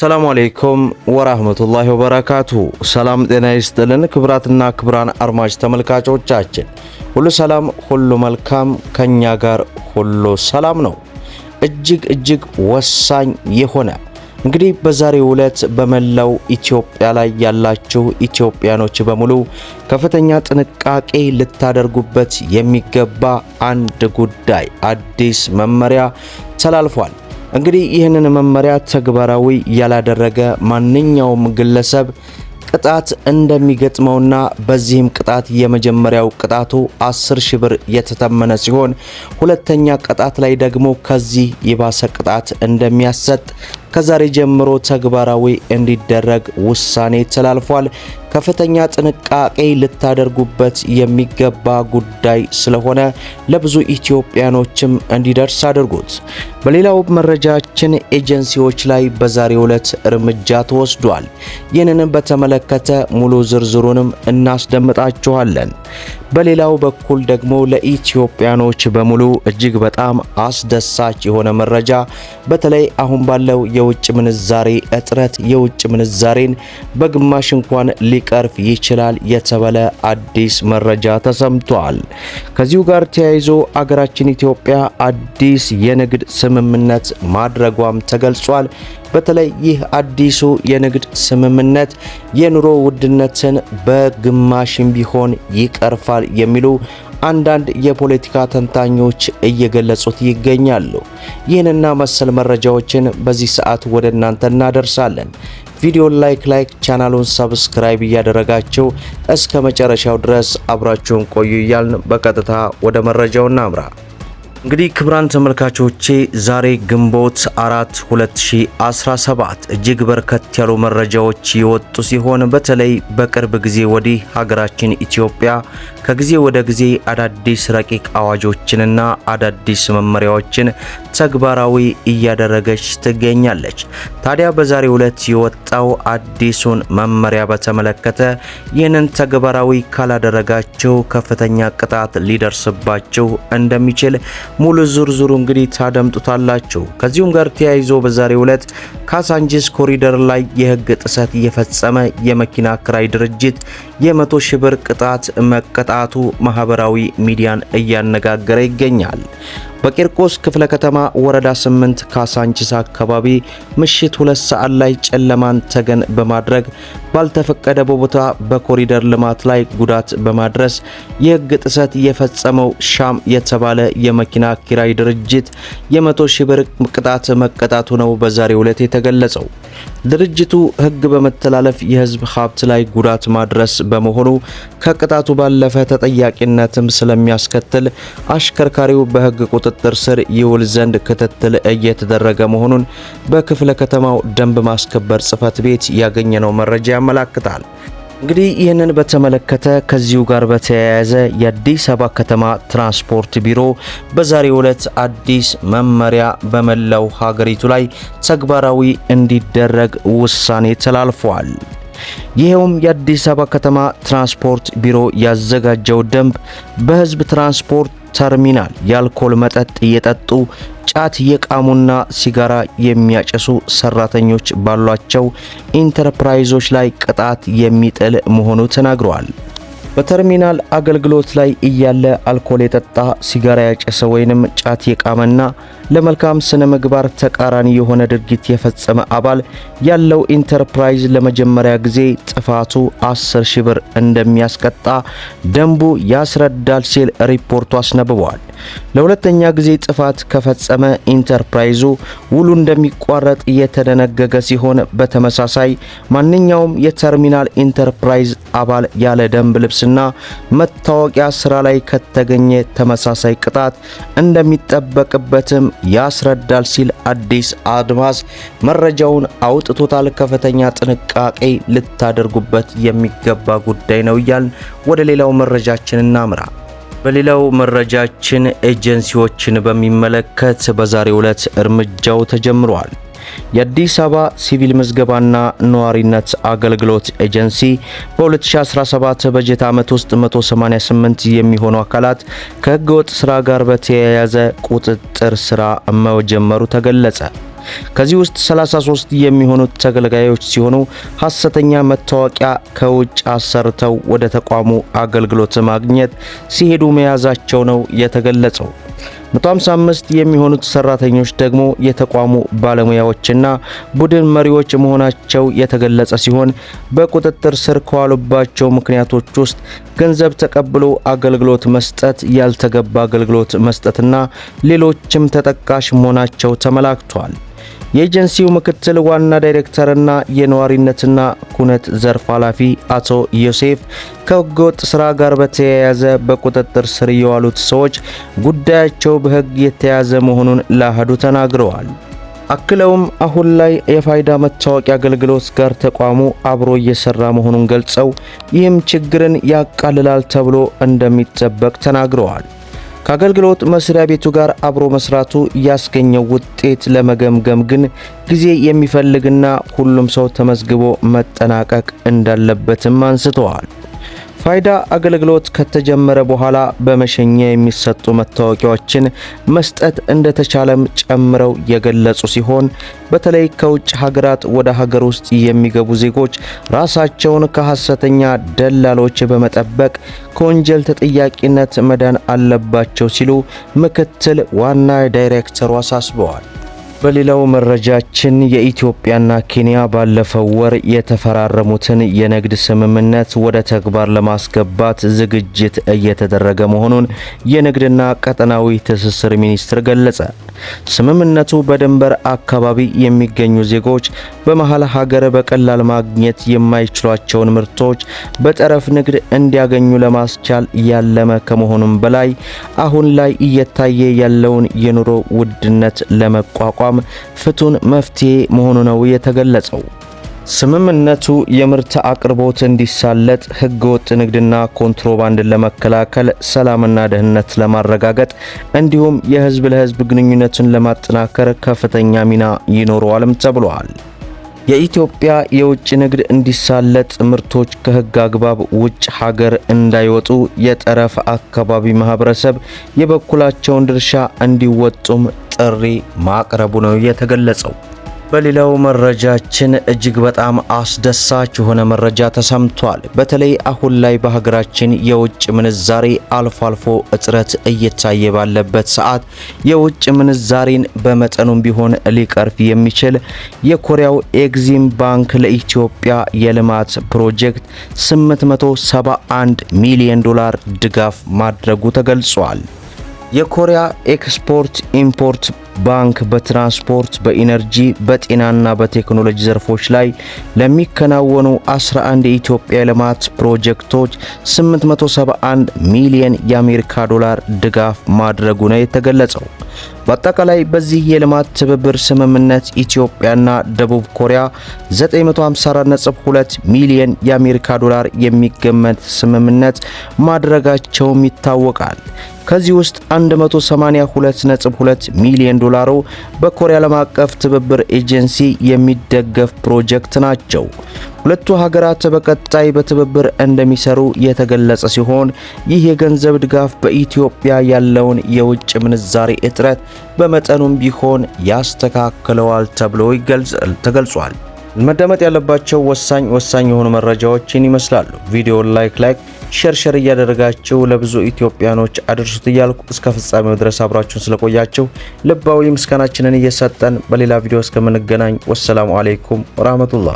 ሰላሙ አሌይኩም ወራህመቱላሂ ወበረካቱ። ሰላም ጤና ይስጥልን። ክብራትና ክብራን አድማጭ ተመልካቾቻችን ሁሉ ሰላም፣ ሁሉ መልካም፣ ከኛ ጋር ሁሉ ሰላም ነው። እጅግ እጅግ ወሳኝ የሆነ እንግዲህ በዛሬው ዕለት በመላው ኢትዮጵያ ላይ ያላችሁ ኢትዮጵያኖች በሙሉ ከፍተኛ ጥንቃቄ ልታደርጉበት የሚገባ አንድ ጉዳይ አዲስ መመሪያ ተላልፏል። እንግዲህ ይህንን መመሪያ ተግባራዊ ያላደረገ ማንኛውም ግለሰብ ቅጣት እንደሚገጥመውና በዚህም ቅጣት የመጀመሪያው ቅጣቱ 10 ሺህ ብር የተተመነ ሲሆን ሁለተኛ ቅጣት ላይ ደግሞ ከዚህ የባሰ ቅጣት እንደሚያሰጥ ከዛሬ ጀምሮ ተግባራዊ እንዲደረግ ውሳኔ ተላልፏል። ከፍተኛ ጥንቃቄ ልታደርጉበት የሚገባ ጉዳይ ስለሆነ ለብዙ ኢትዮጵያኖችም እንዲደርስ አድርጉት። በሌላው መረጃችን ኤጀንሲዎች ላይ በዛሬው ዕለት እርምጃ ተወስዷል። ይህንንም በተመለከተ ሙሉ ዝርዝሩንም እናስደምጣችኋለን። በሌላው በኩል ደግሞ ለኢትዮጵያኖች በሙሉ እጅግ በጣም አስደሳች የሆነ መረጃ በተለይ አሁን ባለው የውጭ ምንዛሬ እጥረት የውጭ ምንዛሬን በግማሽ እንኳን ሊቀርፍ ይችላል የተባለ አዲስ መረጃ ተሰምቷል። ከዚሁ ጋር ተያይዞ አገራችን ኢትዮጵያ አዲስ የንግድ ስምምነት ማድረጓም ተገልጿል። በተለይ ይህ አዲሱ የንግድ ስምምነት የኑሮ ውድነትን በግማሽም ቢሆን ይቀርፋል የሚሉ አንዳንድ የፖለቲካ ተንታኞች እየገለጹት ይገኛሉ። ይህንና መሰል መረጃዎችን በዚህ ሰዓት ወደ እናንተ እናደርሳለን። ቪዲዮን ላይክ ላይክ ቻናሉን ሰብስክራይብ እያደረጋችሁ እስከ መጨረሻው ድረስ አብራችሁን ቆዩ እያልን በቀጥታ ወደ መረጃው እናምራ። እንግዲህ ክብራን ተመልካቾቼ ዛሬ ግንቦት 4 2017 እጅግ በርከት ያሉ መረጃዎች የወጡ ሲሆን በተለይ በቅርብ ጊዜ ወዲህ ሀገራችን ኢትዮጵያ ከጊዜ ወደ ጊዜ አዳዲስ ረቂቅ አዋጆችንና አዳዲስ መመሪያዎችን ተግባራዊ እያደረገች ትገኛለች። ታዲያ በዛሬው ዕለት የወጣው አዲሱን መመሪያ በተመለከተ ይህንን ተግባራዊ ካላደረጋቸው ከፍተኛ ቅጣት ሊደርስባቸው እንደሚችል ሙሉ ዙርዙሩ እንግዲህ ታደምጡታላችሁ። ከዚሁም ጋር ተያይዞ በዛሬው ዕለት ካሳንጂስ ኮሪደር ላይ የህግ ጥሰት እየፈጸመ የመኪና ክራይ ድርጅት የመቶ ሺህ ብር ቅጣት መቀጣቱ ማህበራዊ ሚዲያን እያነጋገረ ይገኛል። በቂርቆስ ክፍለ ከተማ ወረዳ 8 ካሳንቺስ አካባቢ ምሽት ሁለት ሰዓት ላይ ጨለማን ተገን በማድረግ ባልተፈቀደ ቦታ በኮሪደር ልማት ላይ ጉዳት በማድረስ የህግ ጥሰት የፈጸመው ሻም የተባለ የመኪና ኪራይ ድርጅት የ100 ሺህ ብር ቅጣት መቀጣቱ ነው በዛሬው ዕለት የተገለጸው። ድርጅቱ ሕግ በመተላለፍ የህዝብ ሀብት ላይ ጉዳት ማድረስ በመሆኑ ከቅጣቱ ባለፈ ተጠያቂነትም ስለሚያስከትል አሽከርካሪው በሕግ ቁጥጥር ስር ይውል ዘንድ ክትትል እየተደረገ መሆኑን በክፍለ ከተማው ደንብ ማስከበር ጽሕፈት ቤት ያገኘነው መረጃ ያመላክታል። እንግዲህ ይህንን በተመለከተ ከዚሁ ጋር በተያያዘ የአዲስ አበባ ከተማ ትራንስፖርት ቢሮ በዛሬው ዕለት አዲስ መመሪያ በመላው ሀገሪቱ ላይ ተግባራዊ እንዲደረግ ውሳኔ ተላልፏል። ይኸውም የአዲስ አበባ ከተማ ትራንስፖርት ቢሮ ያዘጋጀው ደንብ በህዝብ ትራንስፖርት ተርሚናል የአልኮል መጠጥ እየጠጡ ጫት የቃሙና ሲጋራ የሚያጨሱ ሰራተኞች ባሏቸው ኢንተርፕራይዞች ላይ ቅጣት የሚጥል መሆኑ ተናግረዋል። በተርሚናል አገልግሎት ላይ እያለ አልኮል የጠጣ ሲጋራ ያጨሰ ወይንም ጫት የቃመና ለመልካም ስነ ምግባር ተቃራኒ የሆነ ድርጊት የፈጸመ አባል ያለው ኢንተርፕራይዝ ለመጀመሪያ ጊዜ ጥፋቱ 10 ሺህ ብር እንደሚያስቀጣ ደንቡ ያስረዳል ሲል ሪፖርቱ አስነብቧል። ለሁለተኛ ጊዜ ጥፋት ከፈጸመ ኢንተርፕራይዙ ውሉ እንደሚቋረጥ እየተደነገገ ሲሆን በተመሳሳይ ማንኛውም የተርሚናል ኢንተርፕራይዝ አባል ያለ ደንብ ልብስና መታወቂያ ስራ ላይ ከተገኘ ተመሳሳይ ቅጣት እንደሚጠበቅበትም ያስረዳል ሲል አዲስ አድማስ መረጃውን አውጥቶታል። ከፍተኛ ጥንቃቄ ልታደርጉበት የሚገባ ጉዳይ ነው እያልን ወደ ሌላው መረጃችን እናምራ። በሌላው መረጃችን ኤጀንሲዎችን በሚመለከት በዛሬው ዕለት እርምጃው ተጀምሯል። የአዲስ አበባ ሲቪል ምዝገባና ነዋሪነት አገልግሎት ኤጀንሲ በ2017 በጀት ዓመት ውስጥ 188 የሚሆኑ አካላት ከሕገ ወጥ ሥራ ጋር በተያያዘ ቁጥጥር ሥራ መጀመሩ ተገለጸ። ከዚህ ውስጥ 33 የሚሆኑት ተገልጋዮች ሲሆኑ ሐሰተኛ መታወቂያ ከውጭ አሰርተው ወደ ተቋሙ አገልግሎት ማግኘት ሲሄዱ መያዛቸው ነው የተገለጸው። 155 የሚሆኑት ሰራተኞች ደግሞ የተቋሙ ባለሙያዎችና ቡድን መሪዎች መሆናቸው የተገለጸ ሲሆን በቁጥጥር ስር ከዋሉባቸው ምክንያቶች ውስጥ ገንዘብ ተቀብሎ አገልግሎት መስጠት፣ ያልተገባ አገልግሎት መስጠትና ሌሎችም ተጠቃሽ መሆናቸው ተመላክቷል። የኤጀንሲው ምክትል ዋና ዳይሬክተርና የነዋሪነትና ኩነት ዘርፍ ኃላፊ አቶ ዮሴፍ ከህገወጥ ስራ ጋር በተያያዘ በቁጥጥር ስር የዋሉት ሰዎች ጉዳያቸው በህግ የተያዘ መሆኑን ለአህዱ ተናግረዋል። አክለውም አሁን ላይ የፋይዳ መታወቂያ አገልግሎት ጋር ተቋሙ አብሮ እየሰራ መሆኑን ገልጸው ይህም ችግርን ያቃልላል ተብሎ እንደሚጠበቅ ተናግረዋል። ከአገልግሎት መስሪያ ቤቱ ጋር አብሮ መስራቱ ያስገኘው ውጤት ለመገምገም ግን ጊዜ የሚፈልግና ሁሉም ሰው ተመዝግቦ መጠናቀቅ እንዳለበትም አንስተዋል። ፋይዳ አገልግሎት ከተጀመረ በኋላ በመሸኛ የሚሰጡ መታወቂያዎችን መስጠት እንደተቻለም ጨምረው የገለጹ ሲሆን በተለይ ከውጭ ሀገራት ወደ ሀገር ውስጥ የሚገቡ ዜጎች ራሳቸውን ከሐሰተኛ ደላሎች በመጠበቅ ከወንጀል ተጠያቂነት መዳን አለባቸው ሲሉ ምክትል ዋና ዳይሬክተሩ አሳስበዋል። በሌላው መረጃችን የኢትዮጵያና ኬንያ ባለፈው ወር የተፈራረሙትን የንግድ ስምምነት ወደ ተግባር ለማስገባት ዝግጅት እየተደረገ መሆኑን የንግድና ቀጠናዊ ትስስር ሚኒስትር ገለጸ። ስምምነቱ በድንበር አካባቢ የሚገኙ ዜጎች በመሃል ሀገር በቀላል ማግኘት የማይችሏቸውን ምርቶች በጠረፍ ንግድ እንዲያገኙ ለማስቻል ያለመ ከመሆኑም በላይ አሁን ላይ እየታየ ያለውን የኑሮ ውድነት ለመቋቋም ፍቱን መፍትሄ መሆኑ ነው የተገለጸው። ስምምነቱ የምርት አቅርቦት እንዲሳለጥ፣ ህገወጥ ንግድና ኮንትሮባንድን ለመከላከል፣ ሰላምና ደህንነት ለማረጋገጥ እንዲሁም የህዝብ ለህዝብ ግንኙነትን ለማጠናከር ከፍተኛ ሚና ይኖረዋልም ተብሏል። የኢትዮጵያ የውጭ ንግድ እንዲሳለጥ፣ ምርቶች ከህግ አግባብ ውጭ ሀገር እንዳይወጡ፣ የጠረፍ አካባቢ ማህበረሰብ የበኩላቸውን ድርሻ እንዲወጡም ጥሪ ማቅረቡ ነው የተገለጸው። በሌላው መረጃችን እጅግ በጣም አስደሳች የሆነ መረጃ ተሰምቷል። በተለይ አሁን ላይ በሀገራችን የውጭ ምንዛሬ አልፎ አልፎ እጥረት እየታየ ባለበት ሰዓት የውጭ ምንዛሬን በመጠኑም ቢሆን ሊቀርፍ የሚችል የኮሪያው ኤግዚም ባንክ ለኢትዮጵያ የልማት ፕሮጀክት 871 ሚሊዮን ዶላር ድጋፍ ማድረጉ ተገልጿል። የኮሪያ ኤክስፖርት ኢምፖርት ባንክ በትራንስፖርት፣ በኢነርጂ፣ በጤናና በቴክኖሎጂ ዘርፎች ላይ ለሚከናወኑ 11 የኢትዮጵያ ልማት ፕሮጀክቶች 871 ሚሊየን የአሜሪካ ዶላር ድጋፍ ማድረጉ ነው የተገለጸው። በአጠቃላይ በዚህ የልማት ትብብር ስምምነት ኢትዮጵያና ደቡብ ኮሪያ 954.2 ሚሊዮን የአሜሪካ ዶላር የሚገመት ስምምነት ማድረጋቸውም ይታወቃል። ከዚህ ውስጥ 182.2 ሚሊዮን ዶላሩ በኮሪያ ዓለም አቀፍ ትብብር ኤጀንሲ የሚደገፍ ፕሮጀክት ናቸው። ሁለቱ ሀገራት በቀጣይ በትብብር እንደሚሰሩ የተገለጸ ሲሆን ይህ የገንዘብ ድጋፍ በኢትዮጵያ ያለውን የውጭ ምንዛሬ እጥረት በመጠኑም ቢሆን ያስተካክለዋል ተብሎ ተገልጿል። መደመጥ ያለባቸው ወሳኝ ወሳኝ የሆኑ መረጃዎችን ይመስላሉ። ቪዲዮን ላይክ ላይክ ሸርሸር እያደረጋችሁ ለብዙ ኢትዮጵያኖች አድርሱት እያልኩ እስከ ፍጻሜው ድረስ አብራችሁን ስለቆያችሁ ልባዊ ምስጋናችንን እየሰጠን በሌላ ቪዲዮ እስከምንገናኝ ወሰላሙ አሌይኩም ወራህመቱላህ